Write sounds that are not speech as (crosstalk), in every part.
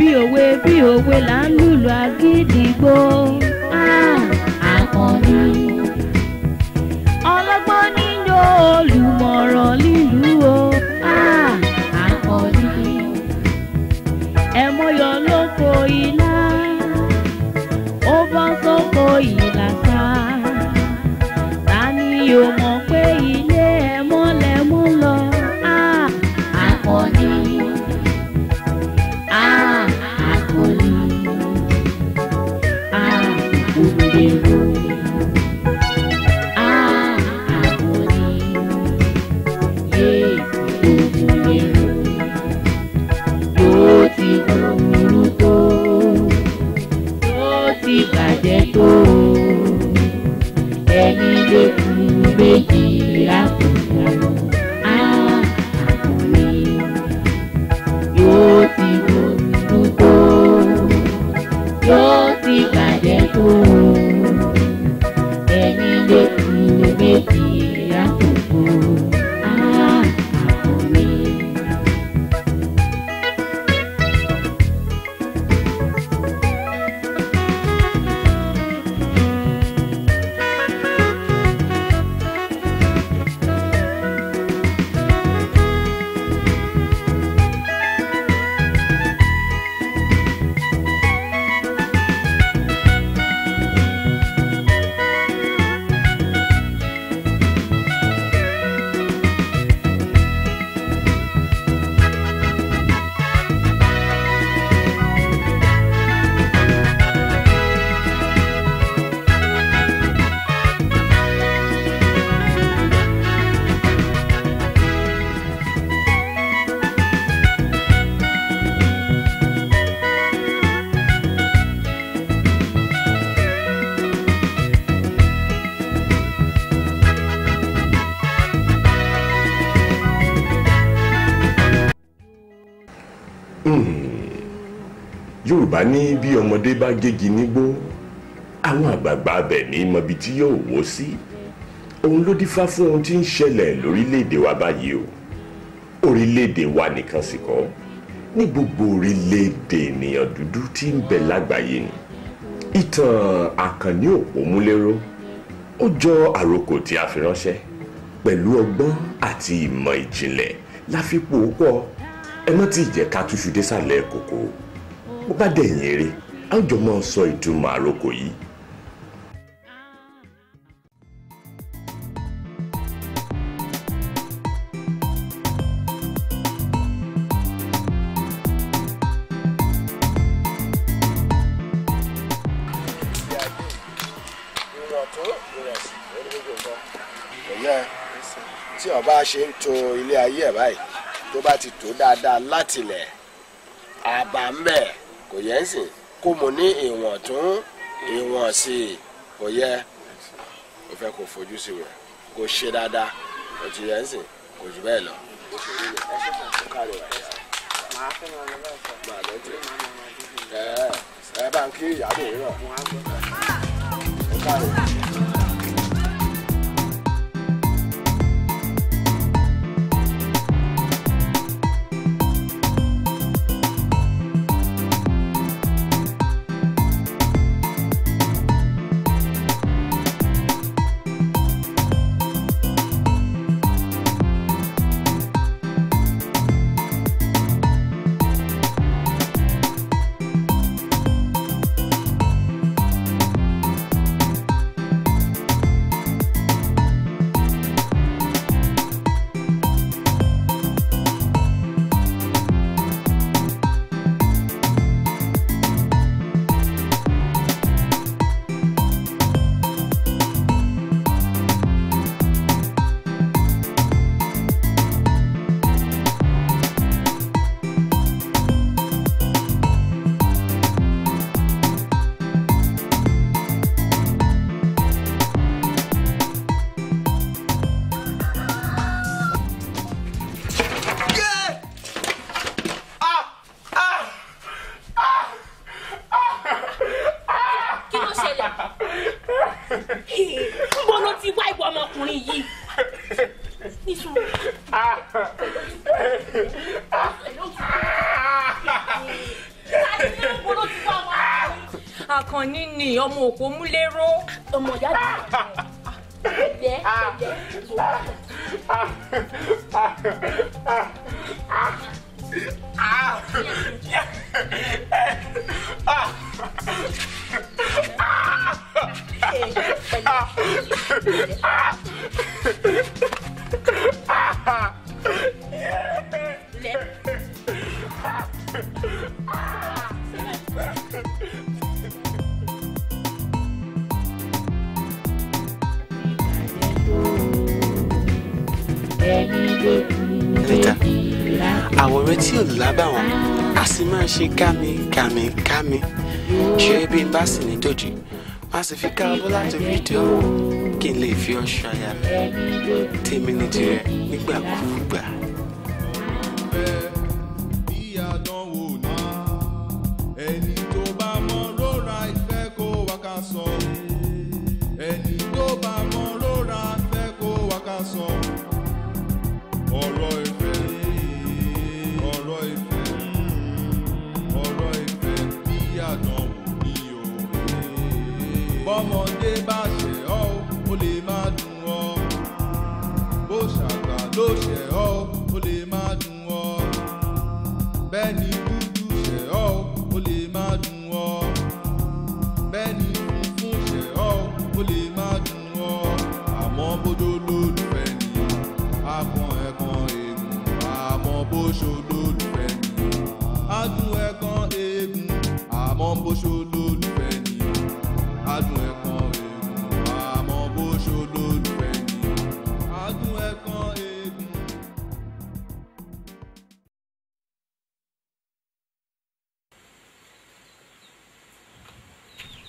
bí òwe bí òwe là ń lùlù agídìgbò àkànní. ọlọ́gbọ́n ní yóò olùmọ̀ràn lílù o àkànní. ẹ̀mọ́yọ̀ lóko ilá ó bọ́ sóko ìlàsà ta ni yóò mọ̀. you. Mm. Hmm. yorùbá ní bí ọmọdé bá gégi nígbó àwọn àgbààgbà abẹ̀ ní mọbi tí yóò wó sí òun ló dífá fún ohun tí ń ṣẹlẹ̀ lórílẹ̀‐èdè wa báyìí o orílẹ̀ wa nìkan sì kọ́ ní gbogbo orílẹ̀ ènìyàn dúdú tí ń bẹ lágbàáyé ni ìtàn àkànní òpómúléró ó jọ àròkò tí a fi ránṣẹ́ pẹ̀lú ọgbọ́n àti ìmọ̀ ìjìnlẹ̀ láfipò pọ̀ ẹ má tí ì jẹ́ ká túṣu désàlẹ̀ kòkó bó bá dẹ̀yìn eré a ó jọ máa sọ ìtumọ̀ àròkọ yìí. tí ọba ṣe ń to ilé ayé ẹ báyìí tó bá ti tó dáadáa látilẹ̀ àbá ń bẹ̀ kò yẹ ń sìn kó mo ní ìwọ̀n tún ìwọ̀n sí i kò yẹ o fẹ́ kó fojú sí rẹ̀ kó ṣe dáadáa kò ti yẹ ń sìn kò jù bẹ́ẹ̀ lọ. ẹ bá ń kí ìyá mi rọ. ń ló ti wá ìwọ ọmọkùnrin yìí. Àkànní ni ọmọ òkú múlẹ́rọ́. Ọmọ ìyá mi. Ẹ̀jẹ̀ ẹ̀jẹ̀. Rita, àwọn ọ̀rẹ́ tí ò lábàwọ́n a sì máa ṣe kámi kámi kámi ṣe é bí n bá sì ní dòjì a sì fi káàbọ̀ láti fídíò kí n lè fi ọ ṣàyà mi tèmi nìjẹ́ nígbàkúùgbà. Oh ṣe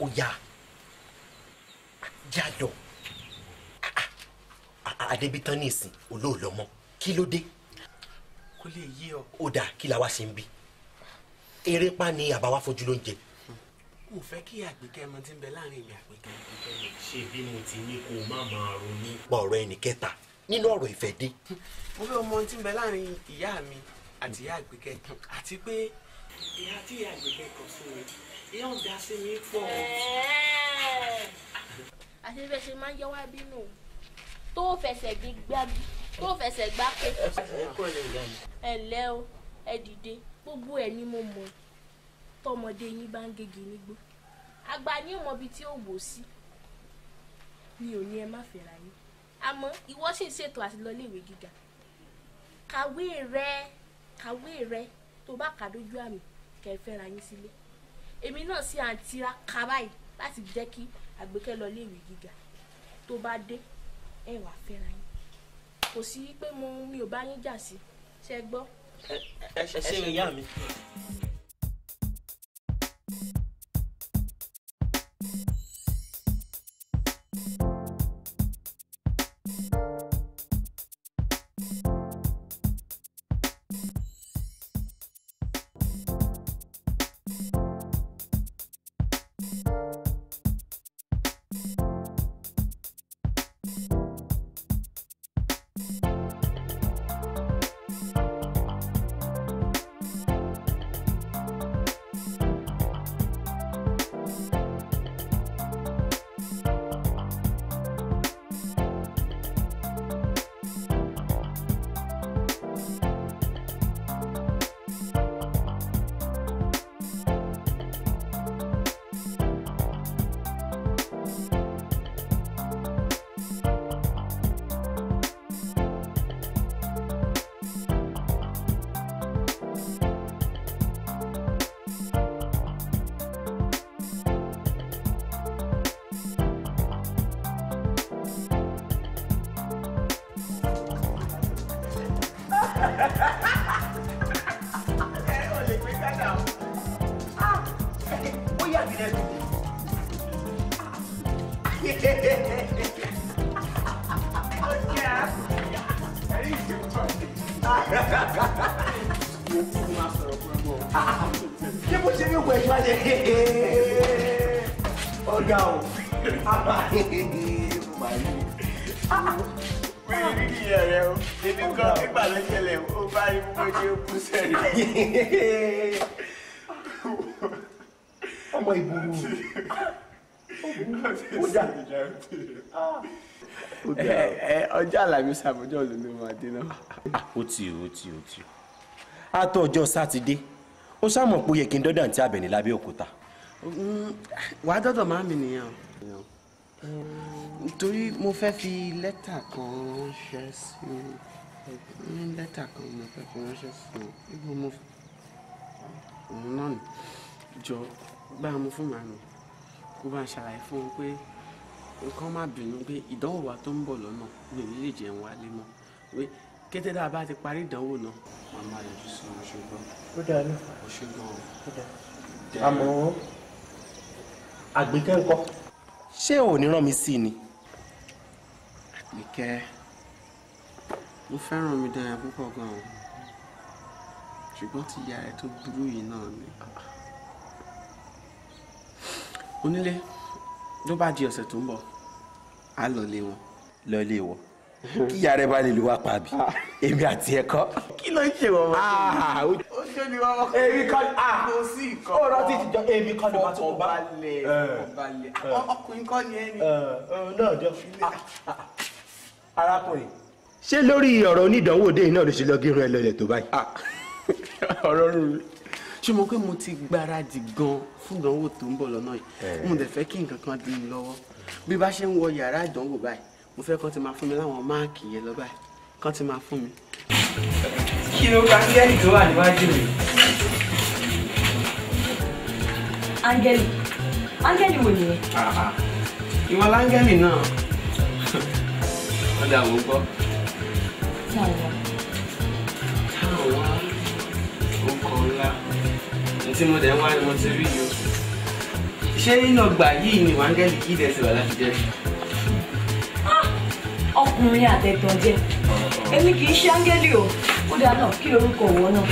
ó yá jẹ́ àlọ́ adébítán ní ìsìn olóòlọ́ mọ́ kí ló dé. kó lè yé ọ. ó dáa kí la wá ṣe ń bí eré pa ni àbáwá fojú ló ń jẹ. mo fẹ́ kí àgbékẹ́ ọmọ tí ń bẹ láàrin mi àgbékẹ́ mi. ṣé bí mo ti ní kó má máa ronú. pa ọ̀rọ̀ ẹnì kẹta nínú ọ̀rọ̀ ìfẹ́ dé. mo fẹ́ ọmọ tí ń bẹ láàrin ìyá mi àti ìyá àgbẹ̀kẹ́ àti pé ìyá tí ìyá àgbẹ̀kẹ́ kọ fún mi ìyá ń dá sí mi pọ̀. àti bẹ́ẹ̀ ṣe máa ń yọ wá bínú tó fẹsẹ̀ gbígbá tó fẹsẹ̀ gbá pé. ẹ ǹlẹ́ o ẹ dìde gbogbo ẹ̀ ni mo mọ̀ tọmọdé yín bá ń gègé nígbó àgbà ní ìmọ̀ ibi tí ó wò sí mi ò ní ẹ má fẹ́ra yín àmọ́ ìwọ sì ń ṣètò àti lọ iléèwé gíga kàwé rẹ kàwé rẹ tó bá kà dójú àmì kẹfẹ́ ra yín sílé èmi náà sì à ń tiraka báyìí láti jẹ́ kí àgbékẹ́ lọ léèwé gíga tó bá dé ẹ wà fẹ́ra yín kò sí pé mo mi ò bá yín jà sí ṣe gbọ́. ẹ ṣe ìyá mi. ṣé bó ṣe ní ìwé ìṣúná ṣe ọ̀gá o rírí ẹ̀rẹ̀ o èmi kan nígbà lẹ́sẹ̀lẹ̀ ah, ó bá imú méjì ó kú sẹ́yìn. ọmọ ìbúrú ọjà ọjà Àlàmísì àbújá ọdún ló máa dé náà. O ti ó ti ó ti àtọ̀ ọjọ́ sátidé ó sàmọ̀ pé ó yẹ kí n dọ́dọ̀ àǹtí àbẹ̀ní lábẹ́ òkúta. wàá dọ́dọ̀ máa mi nìyẹn o torí mo fẹ́ fi lẹ́tà kan ránṣẹ́ sí i ní lẹ́tà kan mo fẹ́ fi ránṣẹ́ sí i ibo mo òun náà nì jọ bá a mú fún màmí kó bá ṣàlàyé fún un pé nǹkan má bínú pé ìdánwò wa tó ń bọ̀ lọ́nà mi ní lè jẹun wálé mọ́ pé kété dáa bá ti parí ìdánwò náà màá máa yọjú sí ọṣùgbọ́n. ó dáa ní. ọṣùgbọ́n ó dáa. àmọ́ àgbékẹ́ ńkọ́. ṣé ò ní rán mi sí i ni. àgbékẹ́ mo fẹ́ràn mi dára púpọ̀ gan-an ṣùgbọ́n ti ya ẹ̀ tó burú yìí náà ni. onílé ló bá di ọ̀sẹ̀ tó ń bọ̀ á lọ lé wọn. lọ lé wọn kí ìyá rẹ bá lè lù wá pa ah. èmi àti ẹ̀kọ́. kí ló ń ṣe wọn wọn. Ah, ṣe ni wọn wọn. èmi kan ah. kò sí ìkọ́. ó rántí ìjọ èmi kan ló bá tó bá lè balẹ̀ ọkùnrin kan ni ẹni. Eh, eh, náà jọ fílẹ̀. arákùnrin ṣé lórí ọ̀rọ̀ onídàánwò dé iná ló ṣe lọ gírun ẹ lọlẹ̀ tó báyìí. (laughs) ọ̀rọ̀ rú mi ṣé mo pé mo ti gbáradì gan fún ìdánwò tó ń bọ̀ lọ́nà yìí eh. mo dẹ̀ fẹ́ kí nǹkan kan dín lọ́wọ́ bí bá ṣe ń wọ yàrá ìdánwò báyìí mo fẹ́ kán ti máa fún mi láwọn máàkì yẹn lọ báyìí kán ti máa fún mi. kí ló ka áńgẹ́lì tó wà níwájú mi. áńgẹ́lì áńgẹ́lì wo nìyẹn. ìwọ láńgẹ́lì náà ọ̀dà mò ń gbọ́. táwọn wá ọkọ̀ ńlá tí mo dẹ̀ ń wá ni mo ti rí yìí o ṣé nínú ọgbà yìí ni wáńgẹ́lì yìí dẹ̀ wà láti jẹ́ mi ọkùnrin àtẹ̀tàn jẹ èmi kì í ṣe áńgẹ́lì o ó dáa náà kí lorúkọ wọ náà.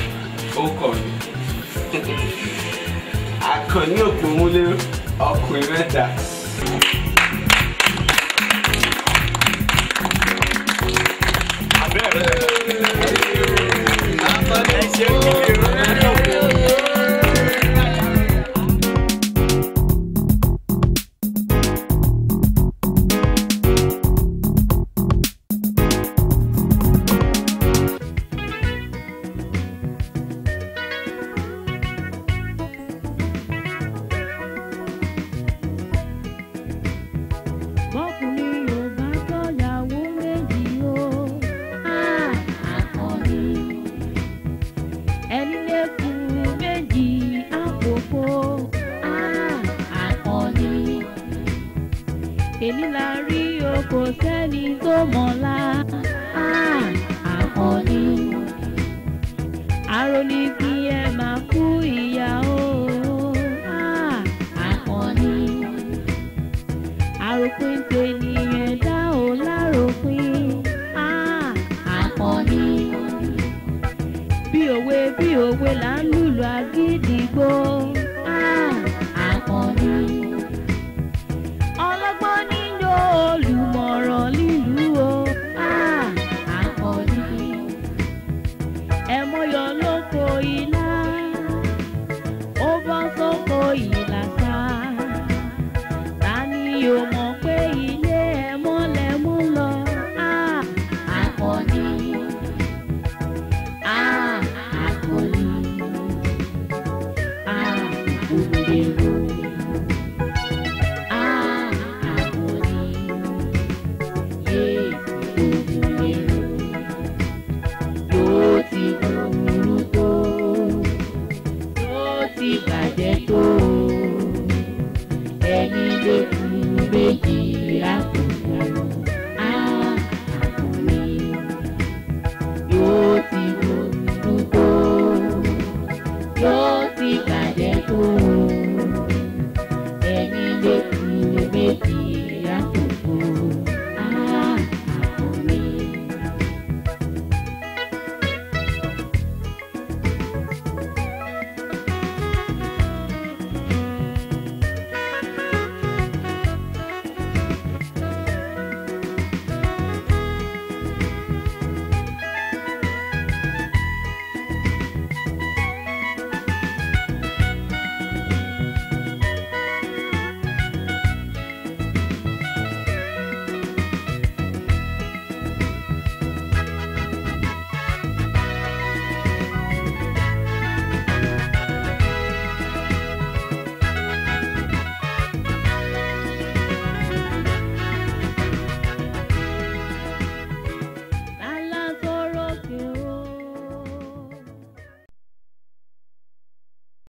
ó kọ mi àkànní òpómúlérò ọkùnrin mẹ́ta. Welcome. òwe là ń lùlù agídìgbò.